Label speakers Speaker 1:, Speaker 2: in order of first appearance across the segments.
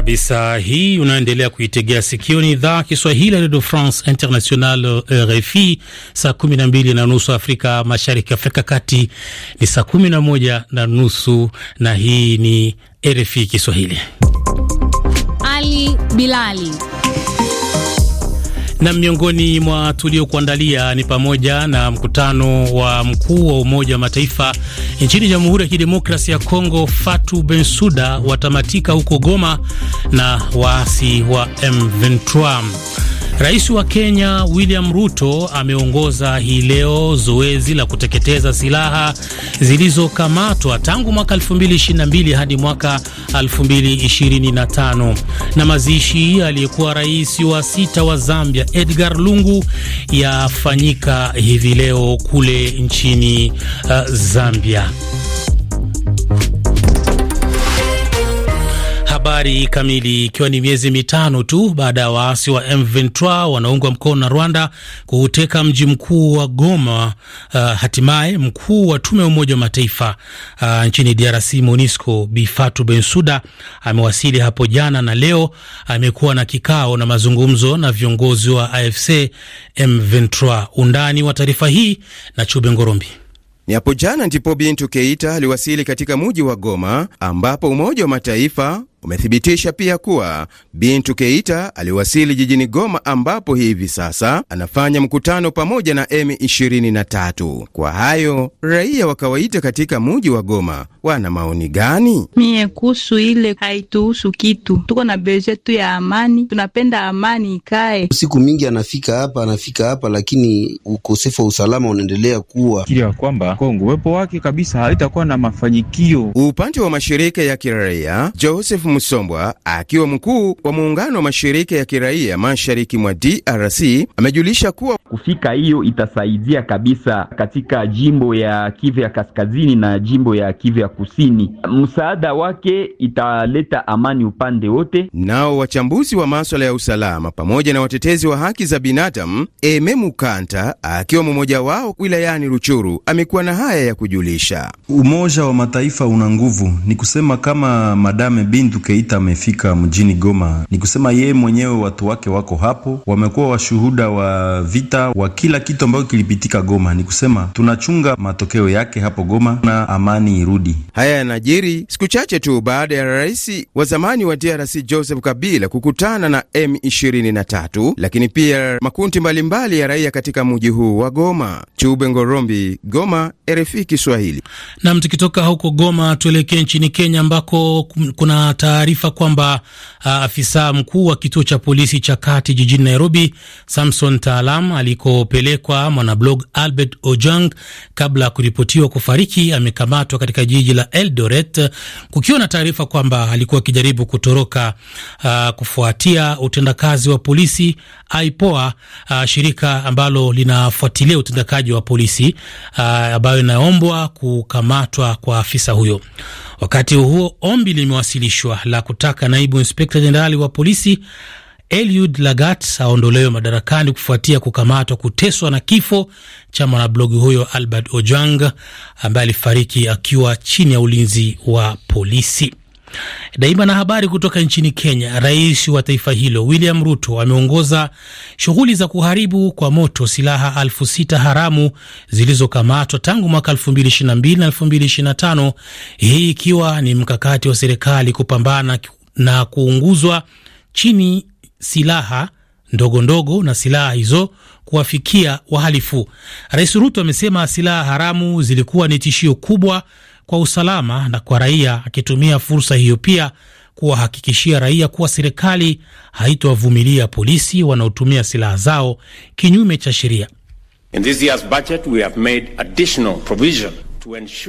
Speaker 1: kabisa. Hii unaendelea kuitegea sikio, ni idhaa Kiswahili ya redio France International, RFI. Saa kumi na mbili na nusu Afrika Mashariki, Afrika Kati ni saa kumi na moja na nusu na hii ni RFI Kiswahili.
Speaker 2: Ali Bilali
Speaker 1: na miongoni mwa tuliokuandalia ni pamoja na mkutano wa mkuu wa Umoja wa Mataifa nchini Jamhuri ya Kidemokrasia ya Kongo, Fatu Bensuda watamatika huko Goma na waasi wa M23. Rais wa Kenya William Ruto ameongoza hii leo zoezi la kuteketeza silaha zilizokamatwa tangu mwaka 2022 hadi mwaka 2025. Na mazishi aliyekuwa rais wa sita wa Zambia Edgar Lungu yafanyika hivi leo kule nchini uh, Zambia. Habari kamili. Ikiwa ni miezi mitano tu baada ya waasi wa M23 wanaungwa mkono na Rwanda kuuteka mji mkuu wa Goma, uh, hatimaye mkuu wa tume ya Umoja wa Mataifa uh, nchini DRC MONUSCO Bifatu Bensuda amewasili hapo jana na leo amekuwa na kikao na mazungumzo na viongozi wa AFC M23. Undani wa taarifa hii na Chube Ngorombi.
Speaker 3: Ni hapo jana ndipo Bintu Keita aliwasili katika muji wa Goma ambapo Umoja wa Mataifa umethibitisha pia kuwa Bintu Keita aliwasili jijini Goma, ambapo hivi sasa anafanya mkutano pamoja na M23. Kwa hayo, raia wa kawaida katika muji wa Goma wana maoni gani?
Speaker 2: Mie kuhusu
Speaker 3: ile haituhusu kitu, tuko na beje tu ya amani, tunapenda amani ikae. Siku mingi anafika hapa anafika hapa, lakini ukosefu wa usalama unaendelea kuwa kili ya kwamba Kongo uwepo wake kabisa haitakuwa na mafanyikio. Upande wa mashirika ya kiraia Joseph Msombwa akiwa mkuu wa muungano wa mashirika ya kiraia mashariki mwa DRC amejulisha kuwa kufika hiyo itasaidia kabisa katika jimbo ya Kivu ya kaskazini na jimbo ya Kivu ya kusini. Msaada wake italeta amani upande wote. Nao wachambuzi wa maswala ya usalama pamoja na watetezi wa haki za binadamu, Eme Mukanta akiwa mmoja wao wilayani Ruchuru, amekuwa na haya ya kujulisha. Umoja wa Mataifa una nguvu, ni kusema kama Madame Bintu Keita amefika mjini Goma, ni kusema yeye mwenyewe watu wake wako hapo, wamekuwa washuhuda wa vita wa kila kitu ambacho kilipitika Goma. Ni kusema tunachunga matokeo yake hapo Goma na amani irudi. Haya yanajiri siku chache tu baada ya rais wa zamani wa DRC Joseph Kabila kukutana na M23, lakini pia makundi mbalimbali ya raia katika mji huu wa Goma. Chube Ngorombi, Goma, RFI Kiswahili.
Speaker 1: Nam, tukitoka huko Goma tuelekee nchini Kenya ambako kuna ta taarifa kwamba uh, afisa mkuu wa kituo cha polisi cha kati jijini Nairobi, Samson Taalam, alikopelekwa mwanablog Albert Ojang kabla ya kuripotiwa kufariki, amekamatwa katika jiji la Eldoret, kukiwa na taarifa kwamba alikuwa akijaribu kutoroka uh, kufuatia utendakazi wa polisi aipoa uh, shirika ambalo linafuatilia utendakaji wa polisi uh, ambayo inaombwa kukamatwa kwa afisa huyo. Wakati huo ombi limewasilishwa la kutaka naibu inspekta jenerali wa polisi Eliud Lagat aondolewe madarakani kufuatia kukamatwa, kuteswa na kifo cha mwanablogi huyo Albert Ojwang ambaye alifariki akiwa chini ya ulinzi wa polisi. Daima na habari kutoka nchini Kenya, rais wa taifa hilo William Ruto ameongoza shughuli za kuharibu kwa moto silaha elfu sita haramu zilizokamatwa tangu mwaka 2022 na 2025, hii ikiwa ni mkakati wa serikali kupambana na kuunguzwa chini silaha ndogo ndogo na silaha hizo kuwafikia wahalifu. Rais Ruto amesema silaha haramu zilikuwa ni tishio kubwa kwa usalama na kwa raia, akitumia fursa hiyo pia kuwahakikishia raia kuwa serikali haitowavumilia polisi wanaotumia silaha zao kinyume cha sheria.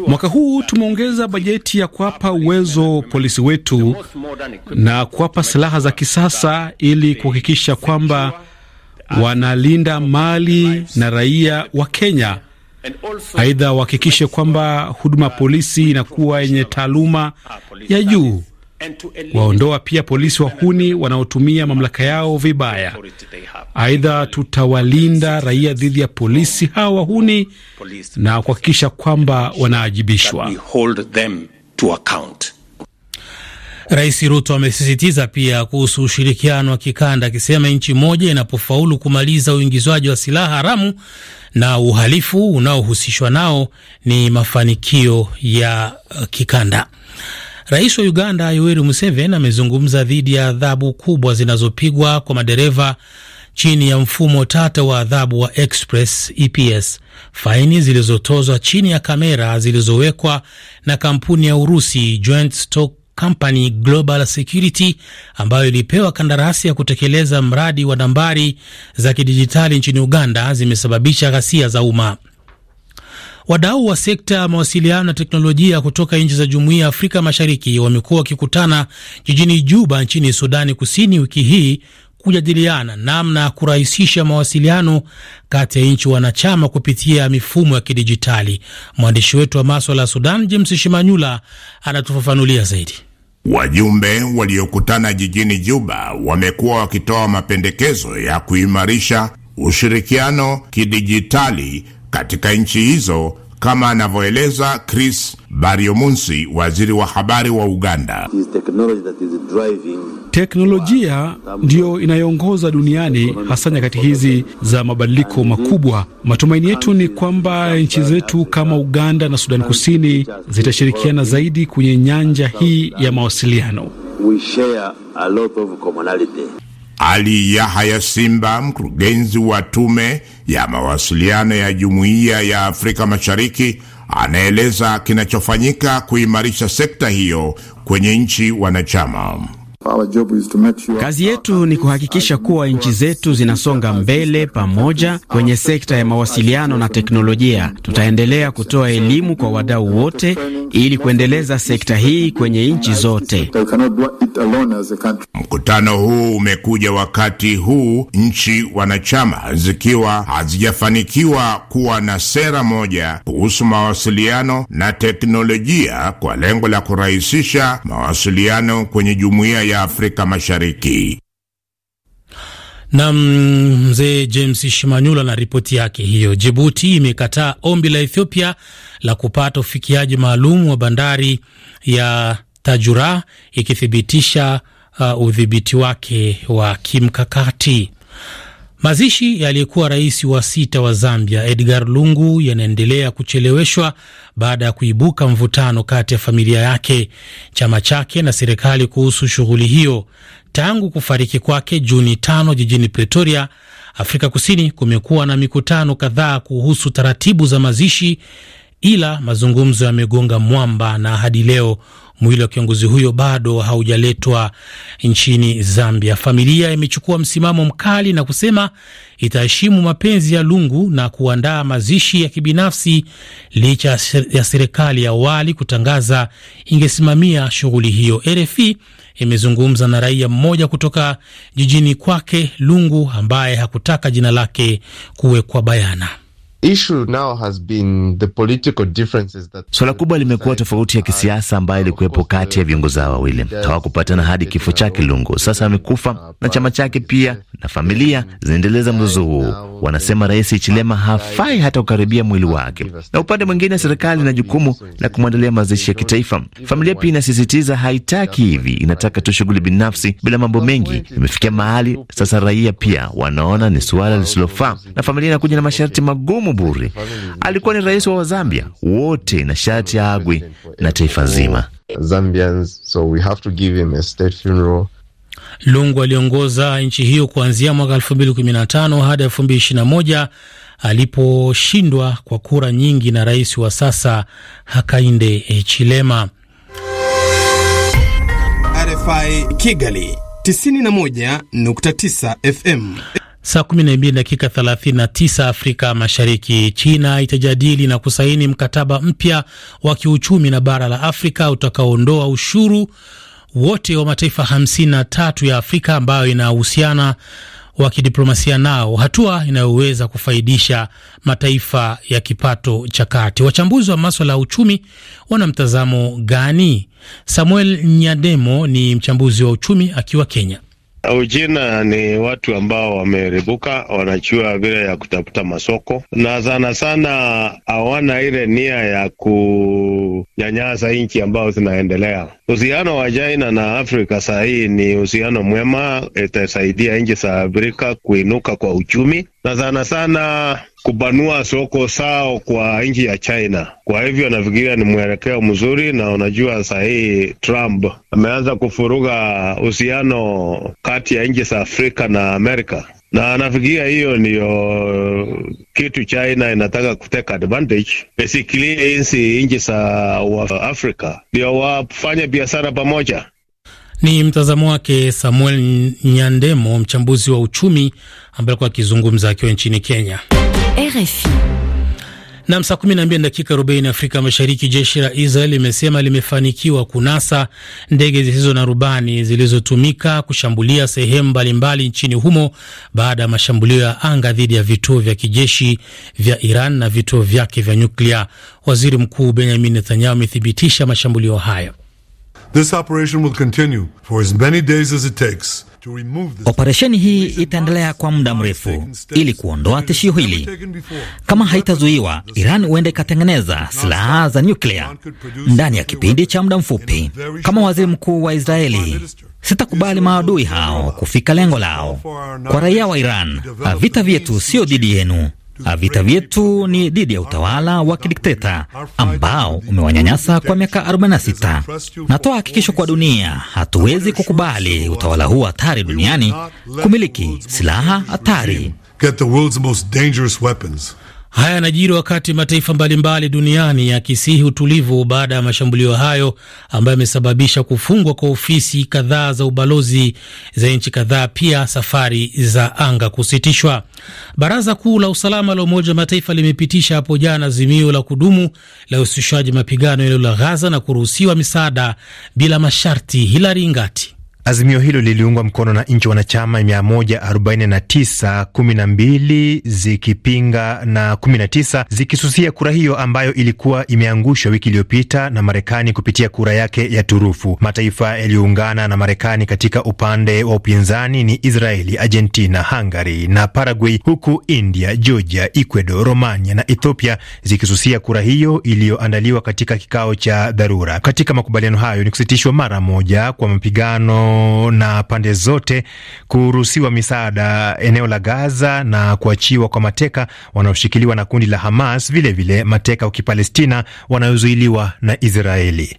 Speaker 1: Mwaka huu tumeongeza bajeti ya kuwapa uwezo polisi wetu na kuwapa silaha za kisasa ili kuhakikisha kwamba wanalinda mali na raia wa Kenya. Aidha, wahakikishe kwamba huduma ya polisi inakuwa yenye taaluma ya juu, waondoa pia polisi wahuni wanaotumia mamlaka yao vibaya. Aidha, tutawalinda raia dhidi ya polisi hawa wahuni na kuhakikisha kwamba wanaajibishwa. Rais Ruto amesisitiza pia kuhusu ushirikiano wa kikanda, akisema nchi moja inapofaulu kumaliza uingizwaji wa silaha haramu na uhalifu unaohusishwa nao ni mafanikio ya uh, kikanda. Rais wa Uganda Yoweri Museveni amezungumza dhidi ya adhabu kubwa zinazopigwa kwa madereva chini ya mfumo tata wa adhabu wa Express EPS, faini zilizotozwa chini ya kamera zilizowekwa na kampuni ya Urusi Joint Stock Company Global Security ambayo ilipewa kandarasi ya kutekeleza mradi wa nambari za kidijitali nchini Uganda zimesababisha ghasia za umma. Wadau wa sekta ya mawasiliano na teknolojia kutoka nchi za Jumuiya ya Afrika Mashariki wamekuwa wakikutana jijini Juba nchini Sudani Kusini wiki hii kujadiliana namna ya kurahisisha mawasiliano kati ya nchi wanachama kupitia mifumo ya kidijitali. Mwandishi wetu wa maswala ya Sudan, James Shimanyula, anatufafanulia zaidi.
Speaker 4: Wajumbe waliokutana jijini Juba wamekuwa wakitoa mapendekezo ya kuimarisha ushirikiano kidijitali katika nchi hizo kama anavyoeleza Chris bariomunsi waziri wa habari wa Uganda.
Speaker 1: It is Teknolojia ndiyo inayoongoza duniani hasa nyakati hizi za mabadiliko makubwa. Matumaini yetu ni kwamba nchi zetu kama Uganda na Sudani Kusini zitashirikiana zaidi kwenye nyanja hii ya mawasiliano.
Speaker 4: Ali yahaya Simba, mkurugenzi wa tume ya mawasiliano ya Jumuiya ya Afrika Mashariki, anaeleza kinachofanyika kuimarisha sekta hiyo kwenye nchi wanachama.
Speaker 3: Kazi yetu ni kuhakikisha kuwa nchi zetu zinasonga mbele pamoja kwenye sekta ya mawasiliano na teknolojia. Tutaendelea kutoa elimu kwa wadau wote ili kuendeleza sekta hii kwenye nchi zote.
Speaker 4: Mkutano huu umekuja wakati huu nchi wanachama zikiwa hazijafanikiwa kuwa na sera moja kuhusu mawasiliano na teknolojia kwa lengo la kurahisisha mawasiliano kwenye jumuiya ya Afrika Mashariki.
Speaker 1: Na mzee James Shimanyula na ripoti yake hiyo. Jibuti imekataa ombi la Ethiopia la kupata ufikiaji maalum wa bandari ya Tajura ikithibitisha uh, udhibiti wake wa kimkakati. Mazishi yaliyekuwa rais wa sita wa Zambia Edgar Lungu yanaendelea kucheleweshwa baada ya kuibuka mvutano kati ya familia yake, chama chake na serikali kuhusu shughuli hiyo. Tangu kufariki kwake Juni tano jijini Pretoria, Afrika Kusini, kumekuwa na mikutano kadhaa kuhusu taratibu za mazishi ila mazungumzo yamegonga mwamba na hadi leo mwili wa kiongozi huyo bado haujaletwa nchini Zambia. Familia imechukua msimamo mkali na kusema itaheshimu mapenzi ya Lungu na kuandaa mazishi ya kibinafsi licha ya serikali ya awali kutangaza ingesimamia shughuli hiyo. RFI imezungumza na raia mmoja kutoka jijini kwake Lungu ambaye hakutaka jina lake kuwekwa bayana.
Speaker 2: Suala kubwa limekuwa tofauti ya kisiasa ambayo ilikuwepo kati ya uh, viongozi hao wawili. Hawakupatana hadi kifo chake Lungu. Sasa amekufa uh, na chama chake pia na familia uh,
Speaker 3: zinaendeleza mzozo huo. Wanasema Rais Chilema hafai hata kukaribia mwili wake, na upande mwingine serikali ina jukumu la kumwandalia mazishi ya kitaifa. Familia pia inasisitiza haitaki hivi, inataka tu shughuli binafsi bila mambo mengi. Imefikia mahali sasa raia pia wanaona ni suala lisilofaa, na familia inakuja na masharti magumu bure. Alikuwa ni rais wa wazambia wote na sharti agwi na taifa zima. Zambians, so we have to give him a state funeral.
Speaker 1: Lungu aliongoza nchi hiyo kuanzia mwaka 2015 hadi 2021 aliposhindwa kwa kura nyingi na rais wa sasa Hakainde Chilema.
Speaker 3: RFI Kigali 91.9 FM.
Speaker 1: Saa 12 dakika 39 Afrika Mashariki. China itajadili na kusaini mkataba mpya wa kiuchumi na bara la Afrika utakaoondoa ushuru wote wa mataifa 53 ya Afrika ambayo inahusiana wa kidiplomasia nao, hatua inayoweza kufaidisha mataifa ya kipato cha kati. Wachambuzi wa maswala ya uchumi wana mtazamo gani? Samuel Nyademo ni mchambuzi wa uchumi akiwa Kenya.
Speaker 2: Uchina ni watu ambao wameribuka wanachua vile ya kutafuta masoko na sana sana hawana ile nia ya ku kunyanyasa nchi ambayo zinaendelea. Uhusiano wa China na Afrika saa hii ni uhusiano mwema, itasaidia nchi za Afrika kuinuka kwa uchumi na sana sana kupanua soko sao kwa nchi ya China. Kwa hivyo nafikiria ni mwelekeo mzuri, na unajua sahii Trump ameanza kufuruga uhusiano kati ya nchi za Afrika na Amerika na nafikiria hiyo ndiyo uh, kitu China inataka kuteka advantage basically, insi nchi za Afrika ndio wafanye biashara pamoja.
Speaker 1: Ni mtazamo wake Samuel Nyandemo, mchambuzi wa uchumi ambaye alikuwa akizungumza akiwa nchini Kenya, RFI. Nam, saa 12 dakika arobaini Afrika Mashariki. Jeshi la Israel limesema limefanikiwa kunasa ndege zisizo na rubani zilizotumika kushambulia sehemu mbalimbali nchini humo baada ya mashambulio ya anga dhidi ya vituo vya kijeshi vya Iran na vituo vyake vya nyuklia. Waziri Mkuu benyamin Netanyahu amethibitisha mashambulio hayo. This operation will continue for as many days as it takes. Operesheni hii itaendelea kwa muda mrefu ili kuondoa tishio hili. Kama haitazuiwa, Iran huenda ikatengeneza silaha za nyuklia ndani ya kipindi cha muda mfupi. Kama waziri mkuu wa Israeli, sitakubali maadui hao kufika lengo lao. Kwa raia wa Iran, vita vyetu sio dhidi yenu, Ah, vita vyetu ni dhidi ya utawala wa kidikteta ambao umewanyanyasa kwa miaka 46. Natoa hakikisho kwa dunia, hatuwezi kukubali utawala huu hatari duniani kumiliki silaha hatari. Haya yanajiri wakati mataifa mbalimbali duniani yakisihi utulivu baada ya mashambulio hayo ambayo yamesababisha kufungwa kwa ofisi kadhaa za ubalozi za nchi kadhaa, pia safari za anga kusitishwa. Baraza Kuu la Usalama la Umoja wa Mataifa limepitisha hapo jana azimio la kudumu la usitishwaji mapigano eneo la Ghaza na kuruhusiwa misaada bila masharti. Hilari
Speaker 2: Ngati. Azimio hilo liliungwa mkono na nchi wanachama 149, 12 zikipinga na 19 zikisusia kura hiyo ambayo ilikuwa imeangushwa wiki iliyopita na Marekani kupitia kura yake ya turufu. Mataifa yaliyoungana na Marekani katika upande wa upinzani ni Israeli, Argentina, Hungary na Paraguay, huku India, Georgia, Ecuador, Romania na Ethiopia zikisusia kura hiyo iliyoandaliwa katika kikao cha dharura. Katika makubaliano hayo ni kusitishwa mara moja kwa mapigano na pande zote kuruhusiwa misaada eneo la Gaza na kuachiwa kwa mateka wanaoshikiliwa na kundi la Hamas, vilevile vile mateka wa Kipalestina wanaozuiliwa na Israeli.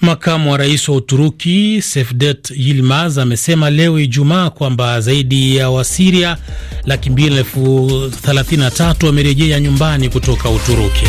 Speaker 1: Makamu wa rais wa Uturuki sefdet Yilmaz amesema leo Ijumaa kwamba zaidi ya Wasiria
Speaker 2: laki mbili elfu thelathini na tatu wamerejea nyumbani kutoka Uturuki.